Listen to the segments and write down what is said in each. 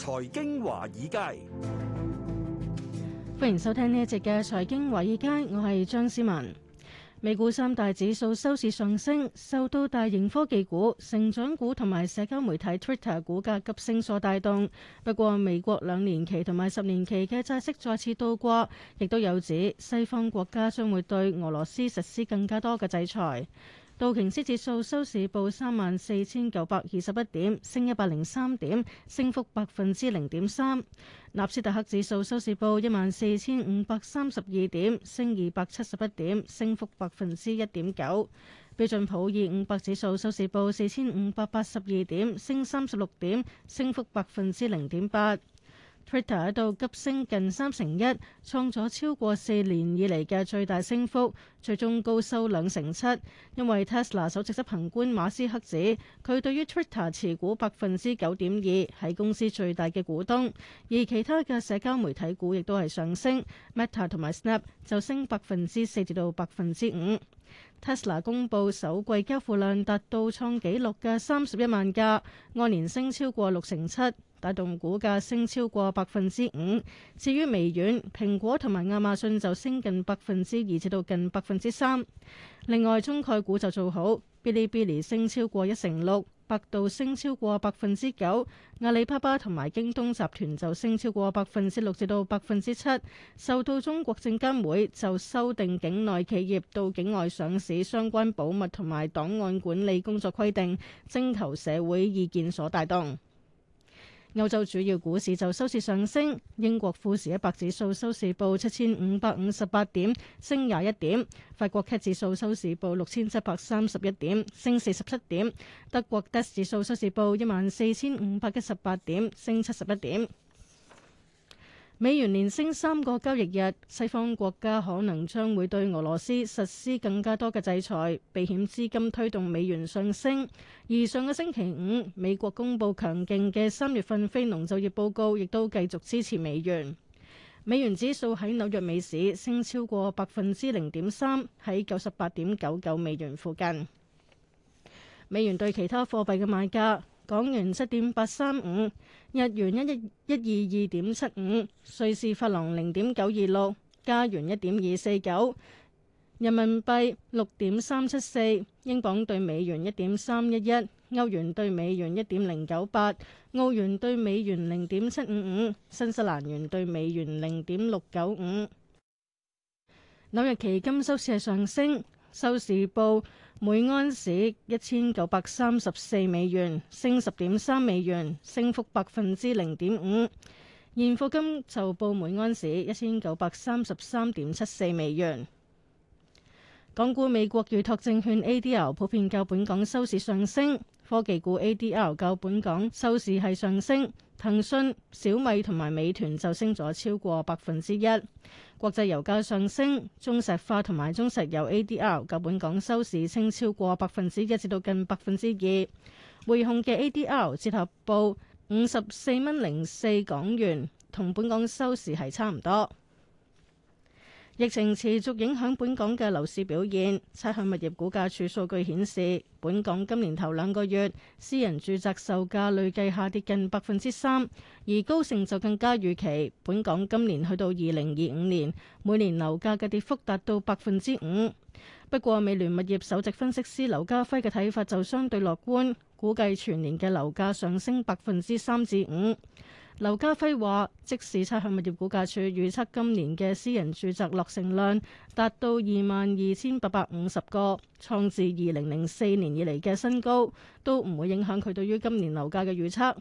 財經華爾街，歡迎收聽呢一節嘅財經華爾街。我係張思文。美股三大指數收市上升，受到大型科技股、成長股同埋社交媒體 Twitter 股價急升所帶動。不過，美國兩年期同埋十年期嘅債息再次倒掛，亦都有指西方國家將會對俄羅斯實施更加多嘅制裁。道瓊斯指數收市報三萬四千九百二十一點升一百零三點升幅百分之零點三。納斯達克指數收市報一萬四千五百三十二點升二百七十一點升幅百分之一點九。標準普爾五百指數收市報四千五百八十二點升三十六點升幅百分之零點八。Twitter 喺度急升近三成一，創咗超過四年以嚟嘅最大升幅，最終高收兩成七。因為 Tesla 首席執行官馬斯克指佢對於 Twitter 持股百分之九點二，係公司最大嘅股東。而其他嘅社交媒體股亦都係上升，Meta 同埋 Snap 就升百分之四至到百分之五。Tesla 公佈首季交付量達到創紀錄嘅三十一萬架，按年升超過六成七。帶動股價升超過百分之五。至於微軟、蘋果同埋亞馬遜就升近百分之二，至到近百分之三。另外，中概股就做好，Bilibili 升超過一成六，百度升超過百分之九，阿里巴巴同埋京東集團就升超過百分之六，至到百分之七。受到中國證監會就修訂境內企業到境外上市相關保密同埋檔案管理工作規定，徵求社會意見所帶動。歐洲主要股市就收市上升，英國富時一百指數收市報七千五百五十八點，升廿一點；法國 CAC 指數收市報六千七百三十一點，升四十七點；德國 DAX 指數收市報一萬四千五百一十八點，升七十一點。美元連升三個交易日，西方國家可能將會對俄羅斯實施更加多嘅制裁，避險資金推動美元上升。而上個星期五，美國公佈強勁嘅三月份非農就業報告，亦都繼續支持美元。美元指數喺紐約美市升超過百分之零點三，喺九十八點九九美元附近。美元對其他貨幣嘅買家。港元七點八三五，日元一一一二二點七五，瑞士法郎零點九二六，加元一點二四九，人民幣六點三七四，英鎊兌美元一點三一一，歐元兌美元一點零九八，澳元兌美元零點七五五，新西蘭元兌美元零點六九五。紐約期金收市上升。收市報每盎司一千九百三十四美元，升十點三美元，升幅百分之零點五。現貨金就報每盎司一千九百三十三點七四美元。港股美國預託證券 ADR 普遍較本港收市上升，科技股 ADR 較本港收市係上升。騰訊、小米同埋美團就升咗超過百分之一。國際油價上升，中石化同埋中石油 ADR 喺本港收市升超過百分之一至到近百分之二。匯控嘅 ADR 折合報五十四蚊零四港元，同本港收市係差唔多。疫情持續影響本港嘅樓市表現。差餉物業估價署數據顯示，本港今年頭兩個月私人住宅售價累計下跌近百分之三，而高盛就更加預期，本港今年去到二零二五年，每年樓價嘅跌幅達到百分之五。不過，美聯物業首席分析師劉家輝嘅睇法就相對樂觀，估計全年嘅樓價上升百分之三至五。劉家輝話，即使差餉物業估價署預測今年嘅私人住宅落成量達到二萬二千八百五十個，創自二零零四年以嚟嘅新高，都唔會影響佢對於今年樓價嘅預測。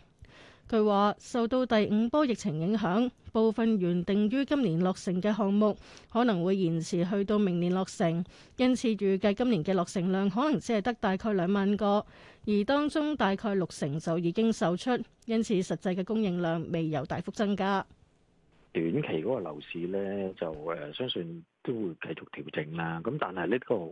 佢話受到第五波疫情影響，部分原定於今年落成嘅項目可能會延遲去到明年落成，因此預計今年嘅落成量可能只係得大概兩萬個，而當中大概六成就已經售出，因此實際嘅供應量未有大幅增加。短期嗰個樓市呢，就誒、呃、相信，都會繼續調整啦，咁但係呢個好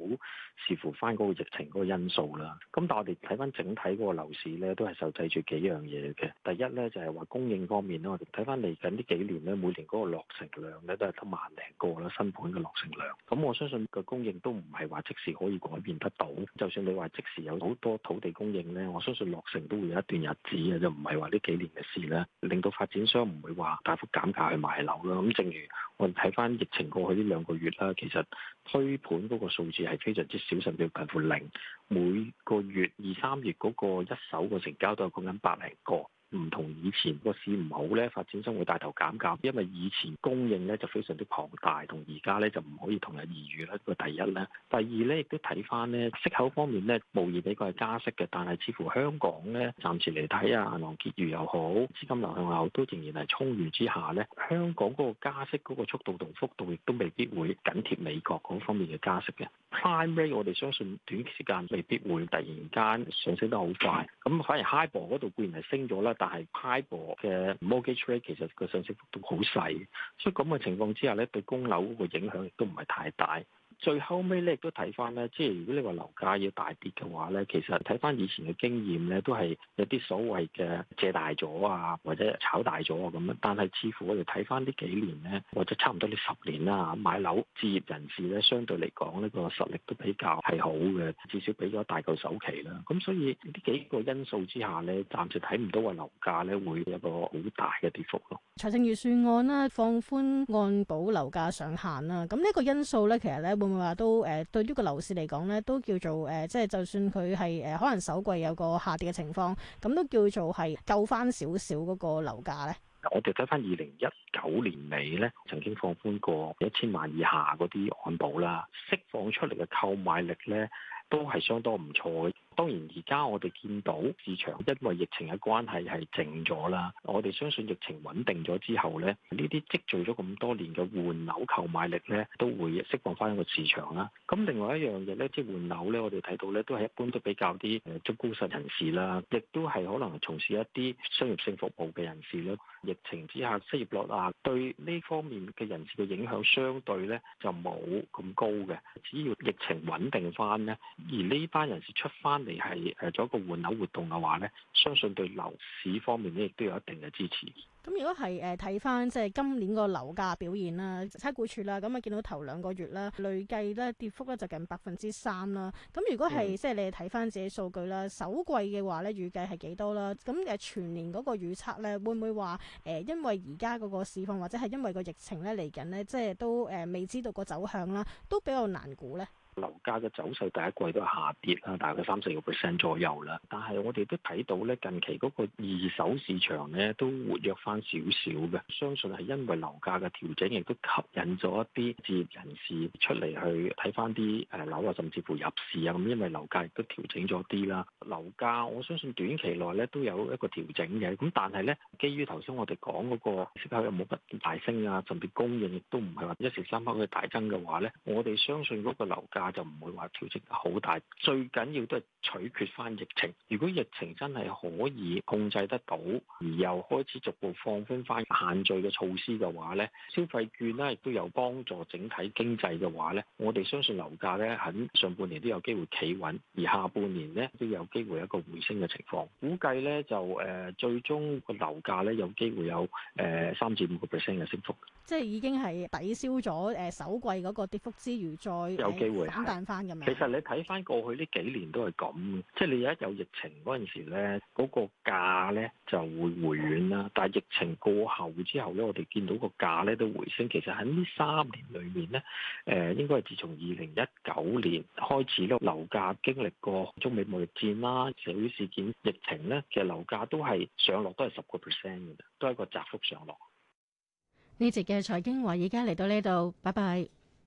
視乎翻嗰個疫情嗰個因素啦。咁但係我哋睇翻整體嗰個樓市呢，都係受制住幾樣嘢嘅。第一呢，就係話供應方面啦，我哋睇翻嚟緊呢幾年呢，每年嗰個落成量呢，都係得萬零個啦，新盤嘅落成量。咁我相信個供應都唔係話即時可以改變得到。就算你話即時有好多土地供應呢，我相信落成都會有一段日子嘅，就唔係話呢幾年嘅事呢，令到發展商唔會話大幅減價去賣樓啦。咁正如我哋睇翻疫情過去呢兩個月。其實推盤嗰個數字係非常之少，甚至近乎零。每個月二三月嗰個一手嘅成交都係講緊百零個。唔同以前個市唔好咧，發展商會帶頭減價，因為以前供應咧就非常之龐大，同而家咧就唔可以同日而語啦。個第一咧，第二咧，亦都睇返咧息口方面咧，無疑係美國係加息嘅，但係似乎香港咧暫時嚟睇啊，銀行結餘又好，資金流向又好，都仍然係充裕之下咧，香港嗰個加息嗰個速度同幅度亦都未必會緊貼美國嗰方面嘅加息嘅。Prime rate、嗯、我哋相信短時間未必會突然間上升得好快，咁反而 Hibor 嗰度固然係升咗啦。但係派撥嘅 mortgage rate 其實個上升幅度好細，所以咁嘅情況之下咧，對供樓個影響亦都唔係太大。最後尾咧，亦都睇翻咧，即係如果你話樓價要大跌嘅話咧，其實睇翻以前嘅經驗咧，都係有啲所謂嘅借大咗啊，或者炒大咗啊咁樣。但係似乎我哋睇翻呢幾年咧，或者差唔多呢十年啦，買樓置業人士咧，相對嚟講呢個實力都比較係好嘅，至少俾咗大嚿首期啦。咁所以呢幾個因素之下咧，暫時睇唔到話樓價咧會有一個好大嘅跌幅咯。財政預算案啦，放寬按保樓價上限啦，咁呢個因素咧，其實咧會。會話都誒，對於個樓市嚟講咧，都叫做誒，即係就算佢係誒，可能首季有個下跌嘅情況，咁都叫做係救翻少少嗰個樓價咧。我哋睇翻二零一九年尾咧，曾經放寬過一千萬以下嗰啲按保啦，釋放出嚟嘅購買力咧，都係相當唔錯嘅。當然，而家我哋見到市場因為疫情嘅關係係靜咗啦。我哋相信疫情穩定咗之後呢，呢啲積聚咗咁多年嘅換樓購買力呢，都會釋放翻一個市場啦。咁另外一樣嘢呢，即係換樓呢，我哋睇到呢都係一般都比較啲誒中高薪人士啦，亦都係可能從事一啲商業性服務嘅人士呢。疫情之下，失業率啊，對呢方面嘅人士嘅影響相對呢就冇咁高嘅。只要疫情穩定翻呢，而呢班人士出翻嚟係誒做一個換樓活動嘅話咧，相信對樓市方面咧亦都有一定嘅支持。咁如果係誒睇翻即係今年個樓價表現啦，差估處啦，咁啊見到頭兩個月啦，累計咧跌幅咧就近百分之三啦。咁如果係、嗯、即係你睇翻自己數據啦，首季嘅話咧預計係幾多啦？咁誒全年嗰個預測咧會唔會話誒、呃、因為而家嗰個市況或者係因為個疫情咧嚟緊咧，即係都誒、呃、未知道個走向啦，都比較難估咧。樓價嘅走勢第一季都係下跌啦，大概三四個 percent 左右啦。但係我哋都睇到咧，近期嗰個二手市場咧都活躍翻少少嘅，相信係因為樓價嘅調整，亦都吸引咗一啲置業人士出嚟去睇翻啲誒樓啊，甚至乎入市啊咁。因為樓價亦都調整咗啲啦，樓價我相信短期內咧都有一個調整嘅。咁但係咧，基於頭先我哋講嗰個息口又冇乜大升啊，甚至供應亦都唔係話一時三刻去大增嘅話咧，我哋相信嗰個樓價，就唔會話調整得好大，最緊要都係取決翻疫情。如果疫情真係可以控制得到，而又開始逐步放寬翻限聚嘅措施嘅話咧，消費券咧亦都有幫助整體經濟嘅話咧，我哋相信樓價咧喺上半年都有機會企穩，而下半年咧都有機會有一個回升嘅情況，估計咧就誒、呃、最終個樓價咧有機會有誒三至五個 percent 嘅升幅，即係已經係抵消咗誒首季嗰個跌幅之餘再、呃、有機會。其實你睇翻過去呢幾年都係咁，即係你一有疫情嗰陣時咧，嗰個價咧就會回暖啦。但係疫情過後之後咧，我哋見到個價咧都回升。其實喺呢三年裏面咧，誒應該係自從二零一九年開始咧，樓價經歷過中美貿易戰啦、社會事件、疫情咧其實樓價都係上落都係十個 percent 嘅，都係一個窄幅上落。呢節嘅財經話，而家嚟到呢度，拜拜。